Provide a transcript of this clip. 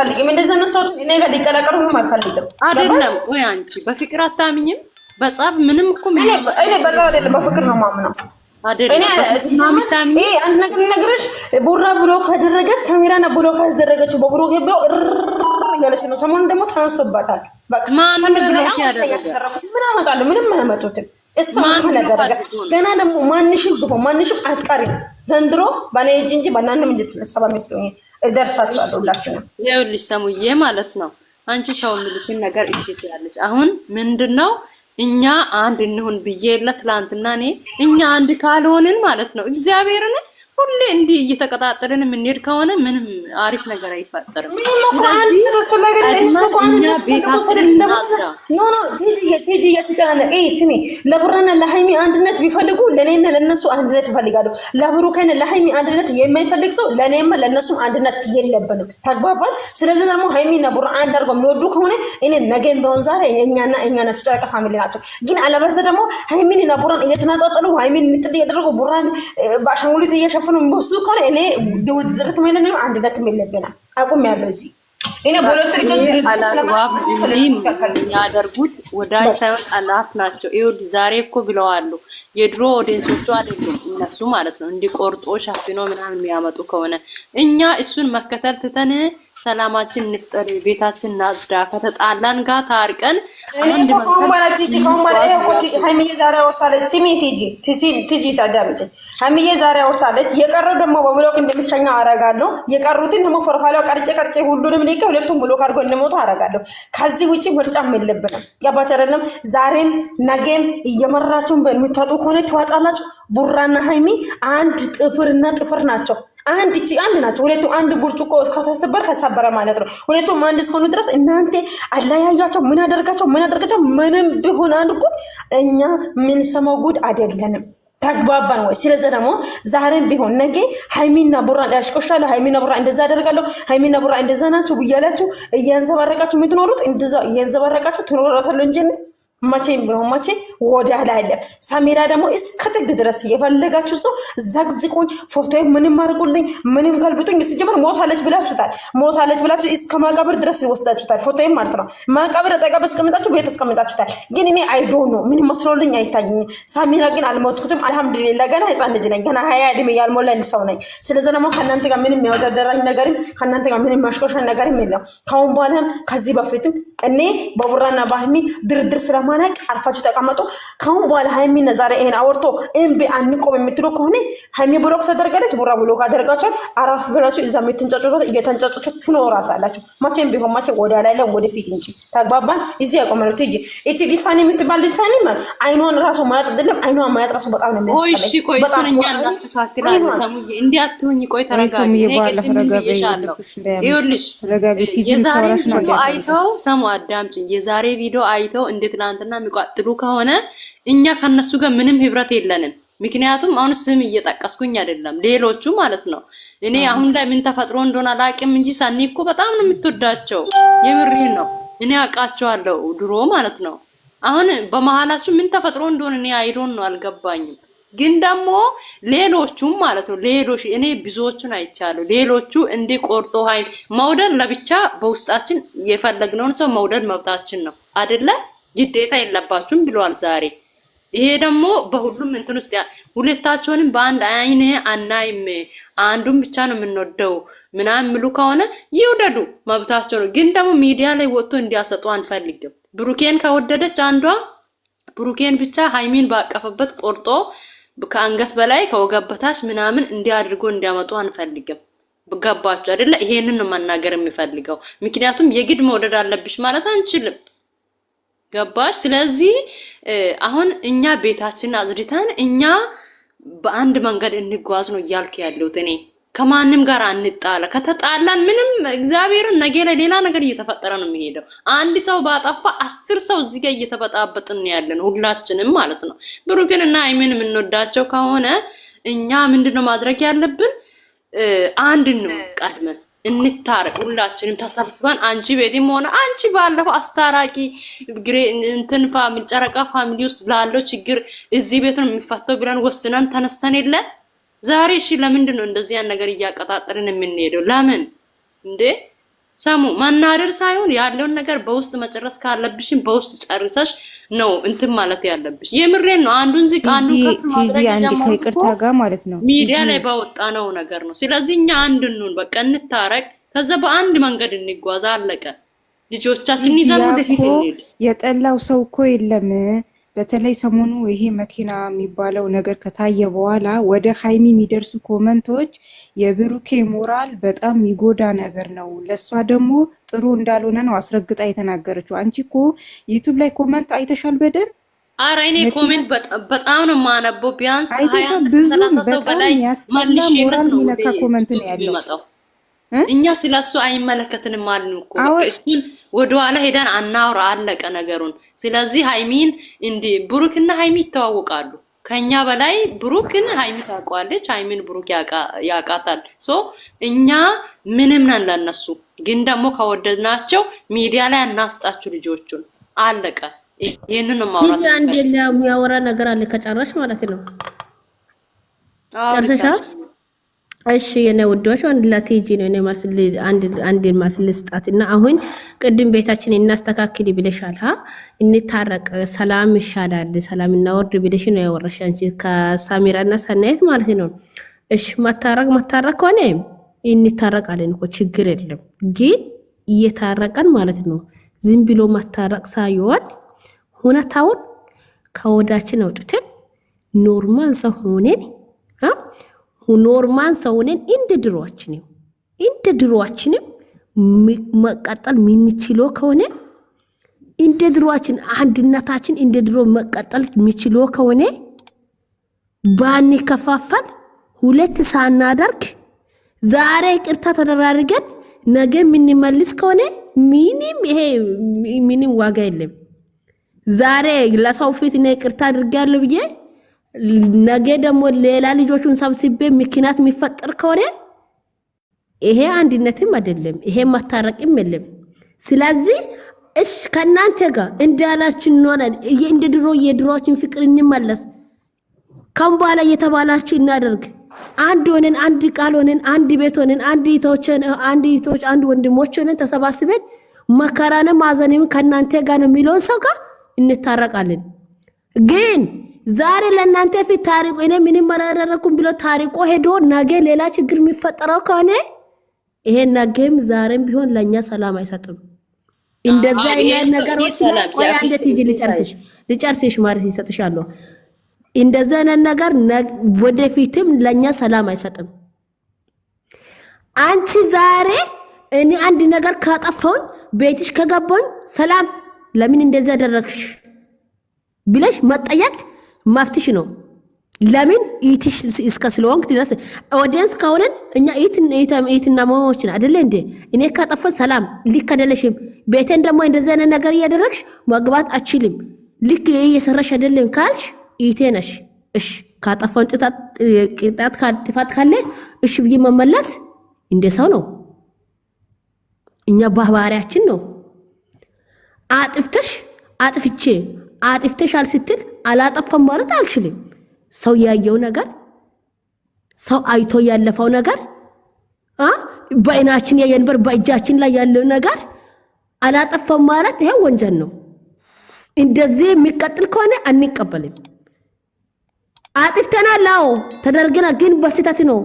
አልፈልግም። እንደዚህ አይነት ሰው እኔ ጋር ሊቀላቀሉም አልፈልግም። አይደለም ወይ አንቺ በፍቅር አታምኝም? በጻብ ምንም እኮ ምን እኔ በጻብ አይደለም በፍቅር ነው የማምነው። አንድ ቡራ ብሎ ብሎ ካስደረገችው ብሎ እያለች ነው። ሰሞኑን ደግሞ ተነስቶባታል። ምን አመጣለሁ? ምንም አያመጡትም። እሷ እንኳን ያደረገ ገና ደግሞ ማንሽም ብሆን ማንሽም አትቀሪ ዘንድሮ በእኔ እጅ እንጂ በእናንም እንጂ ትነሰባ ምትሆኝ እደርሳችኋለሁ። ሁላችሁ ነው ይኸውልሽ፣ ሰሙዬ ማለት ነው አንቺ ሻው የምልሽን ነገር እሽት ያለሽ አሁን ምንድን ነው እኛ አንድ እንሁን ብዬ የለ ትላንትና እኔ እኛ አንድ ካልሆንን ማለት ነው እግዚአብሔርን ሁሌ እንዲህ እየተቀጣጠልን የምንሄድ ከሆነ ምንም አሪፍ ነገር አይፈጠርም። ቲጂ እየተጨናነቀ ስሜ ለብሩክና ለሀይሚ አንድነት ቢፈልጉ ለእኔና ለእነሱ አንድነት ይፈልጋሉ። ለብሩክና ለሀይሚ አንድነት የማይፈልግ ሰው ለእኔማ ለእነሱም አንድነት የለብንም። ተግባባል። ስለዚህ ደግሞ ሀይሚና ብሩክ አንድ አድርገው የሚወዱ ከሆነ እኔ ነገን በሆን ዛሬ እኛና እኛ ናቸው፣ ጨረቃ ፋሚሊ ናቸው። ግን አለበለዚያ ደግሞ ሀይሚንና ብሩክን እየተናጣጠሉ ሀይሚን ንጥድ እያደረጉ ብሩክን በአሻንጉሊት እየሸፈኑ ነው የሚወስዱ ከሆነ እኔ ድርድርት ማለት ነው አንድነት የለብና አቁም ያለው እዚህ እኔ በሁለቱ ልጆች ድርድር ስለሚያደርጉት ወዳጅ ሳይሆን ጠላት ናቸው። ይሁድ ዛሬ እኮ ብለዋሉ። የድሮ ኦዲንሶቹ አይደሉም እነሱ ማለት ነው። እንዲቆርጦ ሻፍኖ ምናምን የሚያመጡ ከሆነ እኛ እሱን መከተል ትተን ሰላማችን ንፍጠር፣ ቤታችን ናጽዳ፣ ከተጣላን ጋር ታርቀን አንድ ሀይሚዬ ዛሬ አውርታለች። የቀረው ደግሞ በብሎክ እንደምትሸኛ አረጋለሁ። የቀሩትን ደግሞ ፎርፋላ ቀርጬ ቀርጬ ሁሉንም ሊቀ ሁለቱም ብሎክ አድርጎ እንደሞቱ አረጋለሁ። ከዚህ ውጭ ምርጫ የለብንም። ገባች አይደለም? ዛሬም ነገም እየመራችሁን በሚታጡ ከሆነ ትዋጣላችሁ። ቡራና ሀይሚ አንድ ጥፍርና ጥፍር ናቸው። አንድ እቺ አንድ ናቸው። ሁለቱም አንድ ብርጭቆ ከተሰበር ከተሰበረ ማለት ነው። ሁለቱም አንድ እስከሆኑ ድረስ እናንተ አለያያቸው። ምን አደርጋቸው ምን አደርጋቸው ምንም ቢሆን አንድ ጉድ እኛ የምንሰማው ጉድ አይደለንም። ተግባባን ወይ? ስለዚህ ደግሞ ዛሬም ቢሆን ነገ ሀይሚና ቡራ ያሽቆሻለሁ፣ ሀይሚና ቡራ እንደዛ አደርጋለሁ፣ ሀይሚና ቡራ እንደዛ ናቸው ብያላችሁ እያንዘባረቃችሁ የምትኖሩት እንደዛ እያንዘባረቃችሁ ትኖራታለሁ እንጂ መቼም ቢሆን መቼ ወደ ላይ የለም። ሰሜራ ደግሞ እስከ ጥግ ድረስ እየፈለጋችሁ ሰው ዘግዝቁኝ፣ ፎቶ ምንም አድርጉልኝ፣ ምንም ገልብጡኝ። ሲጀምር ሞታለች ብላችሁታል። ሞታለች ብላችሁ እስከ መቃብር ድረስ ይወስዳችሁታል። ፎቶ ማለት ነው። መቃብር ጠቀብ አስቀምጣችሁ ቤት አስቀምጣችሁታል። ግን እኔ አይዶ ነው ምን መስሎልኝ አይታኝም። ሰሜራ ግን አልሞትኩትም። አልሐምዱሊላ ገና ህፃን ልጅ ነኝ። ገና ሀያ ዕድሜ ያልሞላ ሰው ነኝ። ስለዚ ደግሞ ከእናንተ ጋር ምንም ያወዳደራኝ ነገርም ከእናንተ ጋር ምንም ማሽኮሻ ነገርም የለም። ከአሁን በኋላም ከዚህ በፊትም እኔ በቡራና ባህሚ ድርድር ስለማ ለማናቅ አርፋችሁ ተቀመጡ። ከአሁን በኋላ ሀይሚ ዛሬ ይሄን አወርቶ እምቢ አንቆም የምትሉ ከሆነ ሀይሚ ብሎክ ተደርጋለች፣ ቡራ ብሎክ አደርጋችኋል። አራፍ ብላችሁ እዛ የምትንጫጩበት እየተንጫጫችሁ ትኖራላችሁ። መቼም ቢሆን መቼም ወደ ላይ ወደፊት እንጂ ተግባባን። እዚህ ያቆመሉት እጅ እቺ ሊሳኔ የምትባል ሊሳኔ ማለት አይኗን ራሱ ማያጥ አይደለም፣ አይኗን ማያጥ ራሱ በጣም ነው የሚያስጠላኝ። ቆይ እሱን እኛ እናስተካክላለን። ሰሙዬ እንዲህ አትሁኝ። ቆይ ተረጋጊ። ይኸውልሽ የዛሬ ቪዲዮ አይተው ሰሙ አዳምጪኝ። የዛሬ ቪዲዮ አይተው እንደ ትናንት ትናንትና የሚቋጥሉ ከሆነ እኛ ከነሱ ጋር ምንም ህብረት የለንም። ምክንያቱም አሁን ስም እየጠቀስኩኝ አይደለም፣ ሌሎቹ ማለት ነው። እኔ አሁን ላይ ምን ተፈጥሮ እንደሆነ አላቅም እንጂ ሳኒ እኮ በጣም ነው የምትወዳቸው። የምሬ ነው። እኔ አውቃቸዋለሁ ድሮ ማለት ነው። አሁን በመሀላችሁ ምን ተፈጥሮ እንደሆነ እኔ አይዶን ነው አልገባኝም። ግን ደግሞ ሌሎቹም ማለት ነው ሌሎች እኔ ብዙዎቹን አይቻለሁ። ሌሎቹ እንዲህ ቆርጦ ኃይል መውደድ ለብቻ በውስጣችን የፈለግነውን ሰው መውደድ መብታችን ነው አይደለ? ግዴታ የለባችሁም ብለዋል ዛሬ። ይሄ ደግሞ በሁሉም እንትን ውስጥ ሁለታቸውንም በአንድ አይን አናይም፣ አንዱን ብቻ ነው የምንወደው ምናምን ምሉ ከሆነ ይውደዱ፣ መብታቸው ነው። ግን ደግሞ ሚዲያ ላይ ወጥቶ እንዲያሰጡ አንፈልግም። ብሩኬን ከወደደች አንዷ ብሩኬን ብቻ ሃይሚን ባቀፈበት ቆርጦ ከአንገት በላይ ከወገብ በታች ምናምን እንዲያድርጎ እንዲያመጡ አንፈልግም። ገባችሁ አይደለ? ይሄንን ነው መናገር የሚፈልገው። ምክንያቱም የግድ መውደድ አለብሽ ማለት አንችልም። ገባሽ? ስለዚህ አሁን እኛ ቤታችንን አጽድተን እኛ በአንድ መንገድ እንጓዝ ነው እያልኩ ያለሁት እኔ። ከማንም ጋር አንጣላ። ከተጣላን ምንም እግዚአብሔርን ነገ ላይ ሌላ ነገር እየተፈጠረ ነው የሚሄደው። አንድ ሰው ባጠፋ አስር ሰው እዚህ ጋር እየተበጣበጥን ያለ ነው ሁላችንም ማለት ነው። ብሩክን እና ሃይሚን የምንወዳቸው ከሆነ እኛ ምንድን ነው ማድረግ ያለብን? አንድን ነው ቀድመን እንታረቅ ሁላችንም ተሰብስበን አንቺ ቤትም ሆነ አንቺ ባለፈው አስታራቂ እንትን ፋሚሊ ጨረቃ ፋሚሊ ውስጥ ላለው ችግር እዚህ ቤት ነው የሚፈታው ብለን ወስነን ተነስተን የለ ዛሬ እሺ ለምንድን ነው እንደዚህ ያን ነገር እያቀጣጠርን የምንሄደው ለምን እንዴ ሰሙ መናደር ሳይሆን ያለውን ነገር በውስጥ መጨረስ ካለብሽም በውስጥ ጨርሰሽ ነው እንትን ማለት ያለብሽ። የምሬን ነው። አንዱን ዚ አንዱን ከፍ ማድረግ ከይቅርታ ጋር ማለት ነው ሚዲያ ላይ ባወጣ ነው ነገር ነው። ስለዚህ እኛ አንድ እንሁን፣ በቃ እንታረቅ፣ ከዛ በአንድ መንገድ እንጓዝ። አለቀ። ልጆቻችን ይዘን ወደፊት እንሄድ። የጠላው ሰው እኮ የለም። በተለይ ሰሞኑ ይሄ መኪና የሚባለው ነገር ከታየ በኋላ ወደ ሀይሚ የሚደርሱ ኮመንቶች የብሩኬ ሞራል በጣም የሚጎዳ ነገር ነው። ለእሷ ደግሞ ጥሩ እንዳልሆነ ነው አስረግጣ የተናገረችው። አንቺ እኮ ዩቱብ ላይ ኮመንት አይተሻል በደንብ። እኔ ኮሜንት በጣም ነው የማነበው። ቢያንስ አይተሻል። ብዙ በጣም ያስጠላ ሞራል የሚነካ ኮመንት ነው ያለው እኛ ስለሱ አይመለከትንም አልን እኮ እሱን ወደኋላ ሄደን አናውራ። አለቀ ነገሩን። ስለዚህ ሃይሚን እንዲ ብሩክና ሃይሚ ይተዋወቃሉ። ከኛ በላይ ብሩክን ሃይሚ ታውቀዋለች፣ ሃይሚን ብሩክ ያውቃታል። ሶ እኛ ምንም ነን ለነሱ። ግን ደግሞ ከወደድናቸው ሚዲያ ላይ አናስጣችሁ ልጆቹን። አለቀ። ይሄንን ማውራት ቲጂ አንዴ የሚያወራ ነገር አለ ከጨረሽ ማለት ነው። ጨርሰሻል? እሺ የኔ ውዶች አንድ ላቴጂ ነው። እኔ ማስል አንድ አንድ ማስል ስጣት እና አሁን ቅድም ቤታችን እናስተካክል ብለሻል፣ ሀ እንታረቅ፣ ሰላም ይሻላል፣ ሰላም እናወርድ ብለሽ ነው ያወራሽ አንቺ እና ሰናይት ማለት ነው። እሺ መታረቅ መታረቅ ከሆነ እንታረቃለን እኮ ችግር የለም። ግን እየታረቀን ማለት ነው። ዝም ብሎ መታረቅ ሳይሆን ሁነታውን ከወዳችን አውጥተን ኖርማል ሰው ሆነን ኖርማን ሰውነን እንደ ድሮችንም እንደ ድሮችንም መቀጠል የምንችለው ከሆነ እንደ ድሮችን አንድነታችን እንደ ድሮ መቀጠል የሚችለው ከሆነ ባንከፋፈል ሁለት ሳናደርግ ዛሬ ቅርታ ተደራርገን ነገ የምንመልስ ከሆነ ምንም ይሄ ምንም ዋጋ የለም። ዛሬ ለሰው ፊት ቅርታ አድርጌያለሁ ብዬ ነገ ደግሞ ሌላ ልጆቹን ሰብስቤ ምክንያት የሚፈጠር ከሆነ ይሄ አንድነትም አይደለም፣ ይሄ መታረቅም የለም። ስለዚህ እሽ ከእናንተ ጋር እንዳላችን እንሆናል። እንደ ድሮ የድሮችን ፍቅር እንመለስ። ከም በኋላ እየተባላችሁ እናደርግ። አንድ ሆነን፣ አንድ ቃል ሆነን፣ አንድ ቤት ሆነን፣ አንድ ቶችን፣ አንድ ቶች፣ አንድ ወንድሞች ሆነን ተሰባስበን መከራንም ማዘንም ከእናንተ ጋር ነው የሚለውን ሰው ጋር እንታረቃለን ግን ዛሬ ለእናንተ ፊት ታሪቆ እኔ ምንም አላደረኩም ብሎ ታሪቆ ሄዶ ነገ ሌላ ችግር የሚፈጠረው ከሆነ ይሄ ነገም ዛሬም ቢሆን ለእኛ ሰላም አይሰጥም። እንደዛ አይነት ነገሮች ቆይ አንዴ ትይጂ ልጨርስሽ ልጨርስሽ ማለት ይሰጥሻለሁ። እንደዛ አይነት ነገር ወደፊትም ለእኛ ሰላም አይሰጥም። አንቺ ዛሬ እኔ አንድ ነገር ካጠፋሁኝ ቤትሽ ከገባሁኝ ሰላም ለምን እንደዚህ ያደረግሽ ብለሽ መጠየቅ መፍትሽ ነው። ለምን ኢትሽ እስከ ስለሆንክ ድረስ ኦዲየንስ ከሆነን እኛ ኢትና መሆኖችን አደለ እንዴ? እኔ ካጠፈን ሰላም ልክ አደለሽም። ቤቴን ደግሞ እንደዚህ አይነት ነገር እያደረግሽ መግባት አችልም ልክ እየሰራሽ አደለም ካልሽ ኢቴ ነሽ። እሽ ካጠፈን ቅጣት ጥፋት ካለ እሽ ብዬ መመለስ እንደ ሰው ነው። እኛ ባህባሪያችን ነው። አጥፍተሽ አጥፍቼ አጥፍተሻል ስትል አላጠፋም ማለት አልችልም። ሰው ያየው ነገር ሰው አይቶ ያለፈው ነገር በአይናችን ያየ ነበር፣ በእጃችን ላይ ያለው ነገር አላጠፋም ማለት ይሄ ወንጀል ነው። እንደዚህ የሚቀጥል ከሆነ አንቀበልም። አጥፍተናል፣ አዎ ተደርገናል፣ ግን በስተት ነው።